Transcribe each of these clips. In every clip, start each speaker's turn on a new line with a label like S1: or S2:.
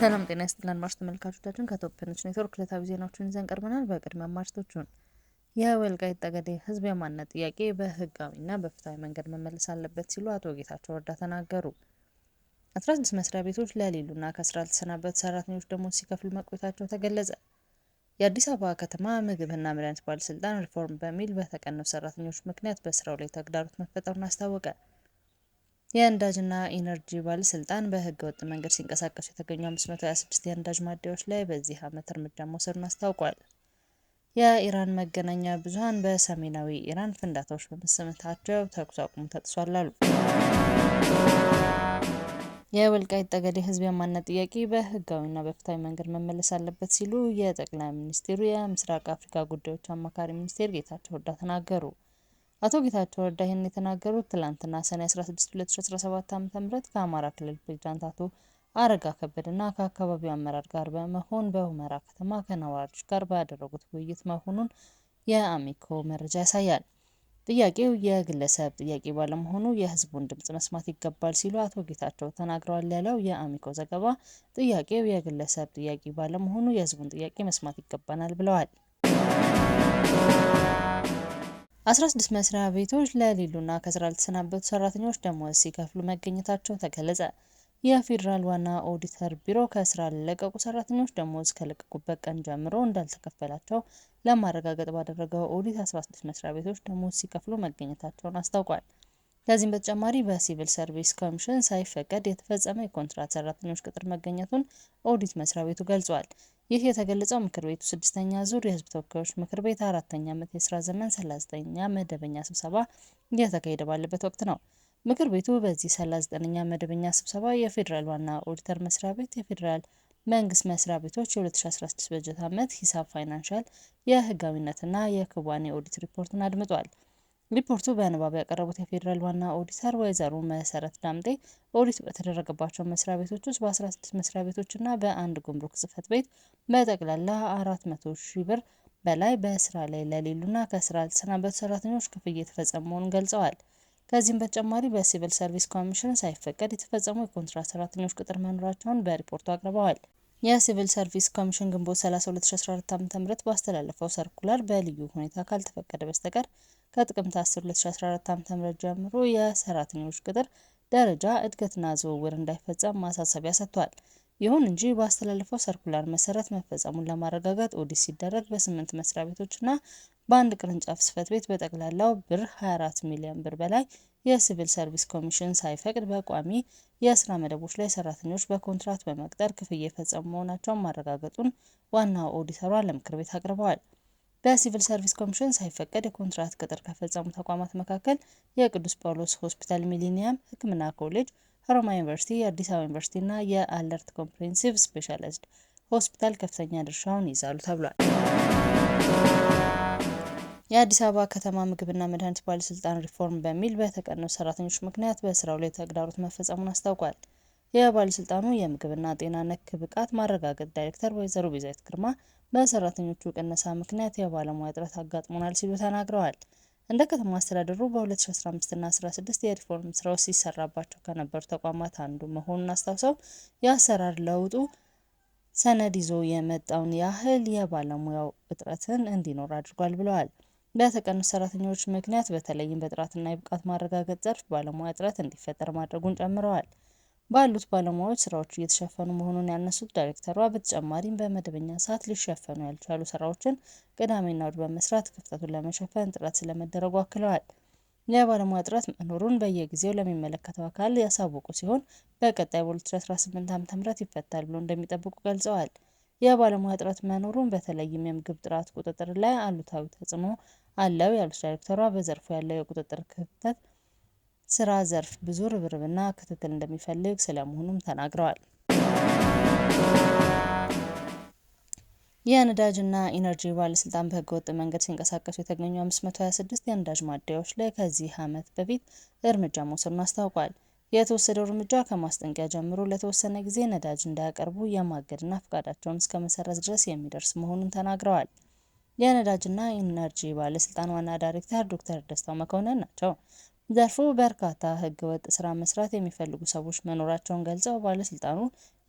S1: ሰላም ጤና ይስጥልን አድማጭ ተመልካቾቻችን፣ ከኢትዮጵያ ኔትወርክ ዕለታዊ ዜናዎችን ይዘን ቀርበናል። በቅድሚያ አማርቶቹን የወልቃይት ጠገዴ ህዝብ የማንነት ጥያቄ በህጋዊና በፍትሐዊ መንገድ መመለስ አለበት ሲሉ አቶ ጌታቸው ረዳ ተናገሩ። ስድስት መስሪያ ቤቶች ለሌሉና ከስራ ለተሰናበቱ ሰራተኞች ደሞዝ ሲከፍሉ መቆየታቸው ተገለጸ። የአዲስ አበባ ከተማ ምግብና መድኃኒት ባለስልጣን ሪፎርም በሚል በተቀነሱ ሰራተኞች ምክንያት በስራው ላይ ተግዳሮት መፈጠሩን አስታወቀ። የነዳጅና ኢነርጂ ባለስልጣን በህገ ወጥ መንገድ ሲንቀሳቀሱ የተገኙ 526 የነዳጅ ማደያዎች ላይ በዚህ ዓመት እርምጃ መውሰዱን አስታውቋል። የኢራን መገናኛ ብዙሀን በሰሜናዊ ኢራን ፍንዳታዎች በመሰመታቸው ተኩስ አቁሙ ተጥሷል አሉ። የወልቃይት ጠገዴ ህዝብ የማንነት ጥያቄ በህጋዊና በፍትሐዊ መንገድ መመለስ አለበት ሲሉ የጠቅላይ ሚኒስትሩ የምስራቅ አፍሪካ ጉዳዮች አማካሪ ሚኒስቴር ጌታቸው ረዳ ተናገሩ። አቶ ጌታቸው ረዳ ይህን የተናገሩት ትላንትና ሰኔ 16 2017 ዓ.ም ከአማራ ክልል ፕሬዚዳንት አቶ አረጋ ከበደና ከአካባቢው አመራር ጋር በመሆን በሁመራ ከተማ ከነዋሪዎች ጋር ባደረጉት ውይይት መሆኑን የአሚኮ መረጃ ያሳያል። ጥያቄው የግለሰብ ጥያቄ ባለመሆኑ የህዝቡን ድምጽ መስማት ይገባል ሲሉ አቶ ጌታቸው ተናግረዋል ያለው የአሚኮ ዘገባ፣ ጥያቄው የግለሰብ ጥያቄ ባለመሆኑ የህዝቡን ጥያቄ መስማት ይገባናል ብለዋል። 16 መስሪያ ቤቶች ለሌሉና ከስራ ለተሰናበቱ ሰራተኞች ደሞዝ ሲከፍሉ መገኘታቸው ተገለጸ። የፌዴራል ዋና ኦዲተር ቢሮ ከስራ ለለቀቁ ሰራተኞች ደሞዝ ከለቀቁበት ቀን ጀምሮ እንዳልተከፈላቸው ለማረጋገጥ ባደረገው ኦዲት 16 መስሪያ ቤቶች ደሞዝ ሲከፍሉ መገኘታቸውን አስታውቋል። ከዚህም በተጨማሪ በሲቪል ሰርቪስ ኮሚሽን ሳይፈቀድ የተፈጸመ የኮንትራት ሰራተኞች ቅጥር መገኘቱን ኦዲት መስሪያ ቤቱ ገልጿል። ይህ የተገለጸው ምክር ቤቱ ስድስተኛ ዙር የህዝብ ተወካዮች ምክር ቤት አራተኛ ዓመት የስራ ዘመን 39ኛ መደበኛ ስብሰባ እየተካሄደ ባለበት ወቅት ነው። ምክር ቤቱ በዚህ 39ኛ መደበኛ ስብሰባ የፌዴራል ዋና ኦዲተር መስሪያ ቤት፣ የፌዴራል መንግስት መስሪያ ቤቶች የ2016 በጀት ዓመት ሂሳብ፣ ፋይናንሻል የህጋዊነትና የክዋኔ ኦዲት ሪፖርትን አድምጧል። ሪፖርቱ በንባብ ያቀረቡት የፌዴራል ዋና ኦዲተር ወይዘሮ መሰረት ዳምጤ ኦዲት በተደረገባቸው መስሪያ ቤቶች ውስጥ በ16 መስሪያ ቤቶችና በአንድ ጉምሩክ ጽህፈት ቤት በጠቅላላ 400 ሺህ ብር በላይ በስራ ላይ ለሌሉና ከስራ ለተሰናበቱ ሰራተኞች ክፍያ የተፈጸመ መሆኑን ገልጸዋል። ከዚህም በተጨማሪ በሲቪል ሰርቪስ ኮሚሽን ሳይፈቀድ የተፈጸሙ የኮንትራት ሰራተኞች ቁጥር መኖራቸውን በሪፖርቱ አቅርበዋል። የሲቪል ሰርቪስ ኮሚሽን ግንቦት 30 2014 ዓ.ም ባስተላለፈው ሰርኩላር በልዩ ሁኔታ ካልተፈቀደ በስተቀር ከጥቅምት 10 2014 ዓ.ም ጀምሮ የሰራተኞች ቅጥር ደረጃ እድገትና ዝውውር እንዳይፈጸም ማሳሰቢያ ሰጥቷል። ይሁን እንጂ ባስተላለፈው ሰርኩላር መሰረት መፈጸሙን ለማረጋገጥ ኦዲት ሲደረግ በስምንት መስሪያ ቤቶችና በአንድ ቅርንጫፍ ጽሕፈት ቤት በጠቅላላው ብር 24 ሚሊዮን ብር በላይ የሲቪል ሰርቪስ ኮሚሽን ሳይፈቅድ በቋሚ የስራ መደቦች ላይ ሰራተኞች በኮንትራት በመቅጠር ክፍያ የፈጸሙ መሆናቸውን ማረጋገጡን ዋናው ኦዲተሯ ለምክር ቤት አቅርበዋል። በሲቪል ሰርቪስ ኮሚሽን ሳይፈቀድ የኮንትራት ቅጥር ከፈጸሙ ተቋማት መካከል የቅዱስ ጳውሎስ ሆስፒታል ሚሊኒየም ሕክምና ኮሌጅ፣ ሮማ ዩኒቨርሲቲ፣ የአዲስ አበባ ዩኒቨርሲቲ እና የአለርት ኮምፕሬሄንሲቭ ስፔሻላይዝድ ሆስፒታል ከፍተኛ ድርሻውን ይዛሉ ተብሏል። የአዲስ አበባ ከተማ ምግብና መድኃኒት ባለስልጣን ሪፎርም በሚል በተቀነሱ ሰራተኞች ምክንያት በስራው ላይ ተግዳሮት መፈጸሙን አስታውቋል። የባለስልጣኑ የምግብና ጤና ነክ ብቃት ማረጋገጥ ዳይሬክተር ወይዘሮ ቤዛዊት ግርማ በሰራተኞቹ ቅነሳ ምክንያት የባለሙያ እጥረት አጋጥሞናል ሲሉ ተናግረዋል። እንደ ከተማ አስተዳደሩ በ2015ና 16 የሪፎርም ስራዎች ሲሰራባቸው ከነበሩ ተቋማት አንዱ መሆኑን አስታውሰው የአሰራር ለውጡ ሰነድ ይዞ የመጣውን ያህል የባለሙያው እጥረትን እንዲኖር አድርጓል ብለዋል። በተቀኑ ሰራተኞች ምክንያት በተለይም በጥራትና የብቃት ማረጋገጥ ዘርፍ ባለሙያ እጥረት እንዲፈጠር ማድረጉን ጨምረዋል። ባሉት ባለሙያዎች ስራዎቹ እየተሸፈኑ መሆኑን ያነሱት ዳይሬክተሯ በተጨማሪም በመደበኛ ሰዓት ሊሸፈኑ ያልቻሉ ስራዎችን ቅዳሜና እሁድ በመስራት ክፍተቱን ለመሸፈን ጥረት ስለመደረጉ አክለዋል። የባለሙያ እጥረት መኖሩን በየጊዜው ለሚመለከተው አካል ያሳወቁ ሲሆን በቀጣይ በ2018 ም ይፈታል ብሎ እንደሚጠብቁ ገልጸዋል። የባለሙያ ጥረት መኖሩን በተለይም የምግብ ጥራት ቁጥጥር ላይ አሉታዊ ተጽዕኖ አለው ያሉት ዳይሬክተሯ በዘርፉ ያለው የቁጥጥር ክፍተት ስራ ዘርፍ ብዙ ርብርብና ክትትል እንደሚፈልግ ስለመሆኑም ተናግረዋል። የነዳጅና ኢነርጂ ባለስልጣን በህገወጥ መንገድ ሲንቀሳቀሱ የተገኙ 526 የነዳጅ ማደያዎች ላይ ከዚህ ዓመት በፊት እርምጃ መውሰዱን አስታውቋል። የተወሰደው እርምጃ ከማስጠንቀቂያ ጀምሮ ለተወሰነ ጊዜ ነዳጅ እንዳያቀርቡ የማገድና ፈቃዳቸውን እስከ መሰረዝ ድረስ የሚደርስ መሆኑን ተናግረዋል። የነዳጅና ኢነርጂ ባለስልጣን ዋና ዳይሬክተር ዶክተር ደስታው መኮንን ናቸው። ዘርፉ በርካታ ህገወጥ ስራ መስራት የሚፈልጉ ሰዎች መኖራቸውን ገልጸው ባለስልጣኑ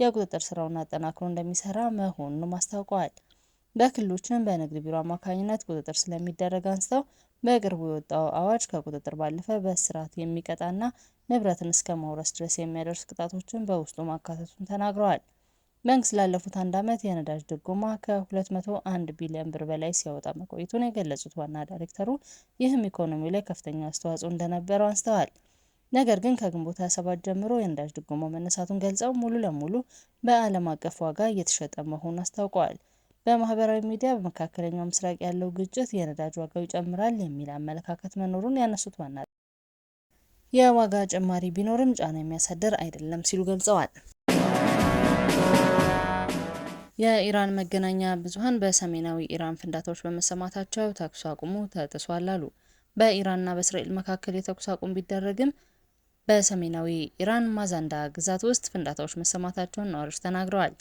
S1: የቁጥጥር ስራውን አጠናክሮ እንደሚሰራ መሆኑንም አስታውቀዋል። በክልሎችም በንግድ ቢሮ አማካኝነት ቁጥጥር ስለሚደረግ አንስተው በቅርቡ የወጣው አዋጅ ከቁጥጥር ባለፈ በእስራት የሚቀጣና ንብረትን እስከ ማውረስ ድረስ የሚያደርስ ቅጣቶችን በውስጡ ማካተቱን ተናግረዋል። መንግስት ላለፉት አንድ ዓመት የነዳጅ ድጎማ ከ201 ቢሊዮን ብር በላይ ሲያወጣ መቆየቱን የገለጹት ዋና ዳይሬክተሩ ይህም ኢኮኖሚው ላይ ከፍተኛ አስተዋጽኦ እንደነበረው አንስተዋል። ነገር ግን ከግንቦት 27 ጀምሮ የነዳጅ ድጎማ መነሳቱን ገልጸው ሙሉ ለሙሉ በዓለም አቀፍ ዋጋ እየተሸጠ መሆኑን አስታውቀዋል። በማህበራዊ ሚዲያ በመካከለኛው ምስራቅ ያለው ግጭት የነዳጅ ዋጋው ይጨምራል የሚል አመለካከት መኖሩን ያነሱት ዋና የዋጋ ጭማሪ ቢኖርም ጫና የሚያሳድር አይደለም ሲሉ ገልጸዋል። የኢራን መገናኛ ብዙሃን በሰሜናዊ ኢራን ፍንዳታዎች በመሰማታቸው ተኩስ አቁሙ ተጥሷል አሉ። በኢራንና በእስራኤል መካከል የተኩስ አቁም ቢደረግም በሰሜናዊ ኢራን ማዛንዳ ግዛት ውስጥ ፍንዳታዎች መሰማታቸውን ነዋሪዎች ተናግረዋል።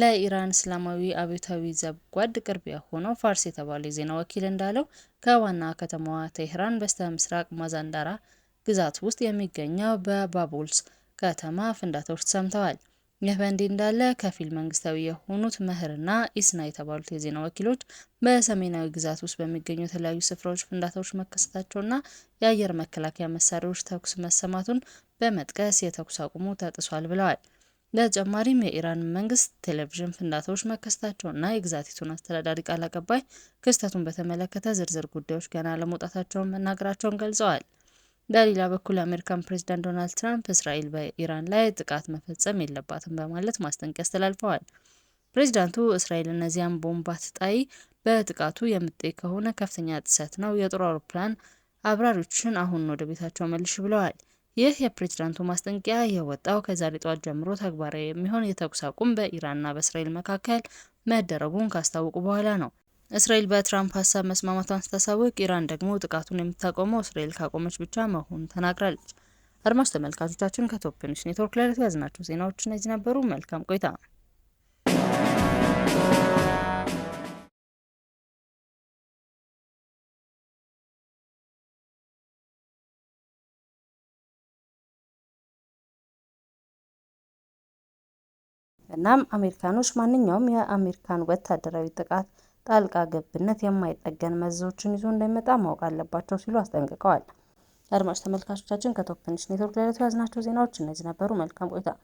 S1: ለኢራን እስላማዊ አብዮታዊ ዘብጓድ ቅርብ የሆነው ፋርስ የተባለ የዜና ወኪል እንዳለው ከዋና ከተማዋ ቴህራን በስተ ምስራቅ ማዛንዳራ ግዛት ውስጥ የሚገኘው በባቡልስ ከተማ ፍንዳታዎች ተሰምተዋል። ይህ በእንዲህ እንዳለ ከፊል መንግስታዊ የሆኑት መህርና ኢስና የተባሉት የዜና ወኪሎች በሰሜናዊ ግዛት ውስጥ በሚገኙ የተለያዩ ስፍራዎች ፍንዳታዎች መከሰታቸውና የአየር መከላከያ መሳሪያዎች ተኩስ መሰማቱን በመጥቀስ የተኩስ አቁሙ ተጥሷል ብለዋል። በተጨማሪም የኢራን መንግስት ቴሌቪዥን ፍንዳታዎች መከሰታቸውና የግዛቲቱን አስተዳዳሪ ቃል አቀባይ ክስተቱን በተመለከተ ዝርዝር ጉዳዮች ገና ለመውጣታቸውን መናገራቸውን ገልጸዋል። በሌላ በኩል የአሜሪካን ፕሬዚዳንት ዶናልድ ትራምፕ እስራኤል በኢራን ላይ ጥቃት መፈጸም የለባትም በማለት ማስጠንቀቂያ አስተላልፈዋል። ፕሬዝዳንቱ እስራኤል እነዚያን ቦምብ አትጣይ፣ በጥቃቱ የምጤ ከሆነ ከፍተኛ ጥሰት ነው፣ የጦር አውሮፕላን አብራሪዎችን አሁን ወደ ቤታቸው መልሽ ብለዋል። ይህ የፕሬዝዳንቱ ማስጠንቀቂያ የወጣው ከዛሬ ጠዋት ጀምሮ ተግባራዊ የሚሆን የተኩስ አቁም በኢራንና በእስራኤል መካከል መደረጉን ካስታወቁ በኋላ ነው። እስራኤል በትራምፕ ሀሳብ መስማማቷን ስታሳውቅ፣ ኢራን ደግሞ ጥቃቱን የምታቆመው እስራኤል ካቆመች ብቻ መሆኑን ተናግራለች። አድማጭ ተመልካቾቻችን ከቶፕ ኒውስ ኔትወርክ ለዕለቱ ያዝናቸው ዜናዎች እነዚህ ነበሩ። መልካም ቆይታ። እናም አሜሪካኖች ማንኛውም የአሜሪካን ወታደራዊ ጥቃት ጣልቃ ገብነት የማይጠገን መዘዞችን ይዞ እንደሚመጣ ማወቅ አለባቸው ሲሉ አስጠንቅቀዋል። አድማጭ ተመልካቾቻችን ከቶፕ ትንሽ ኔትወርክ ላይ ያዝናቸው ዜናዎች እነዚህ ነበሩ። መልካም ቆይታ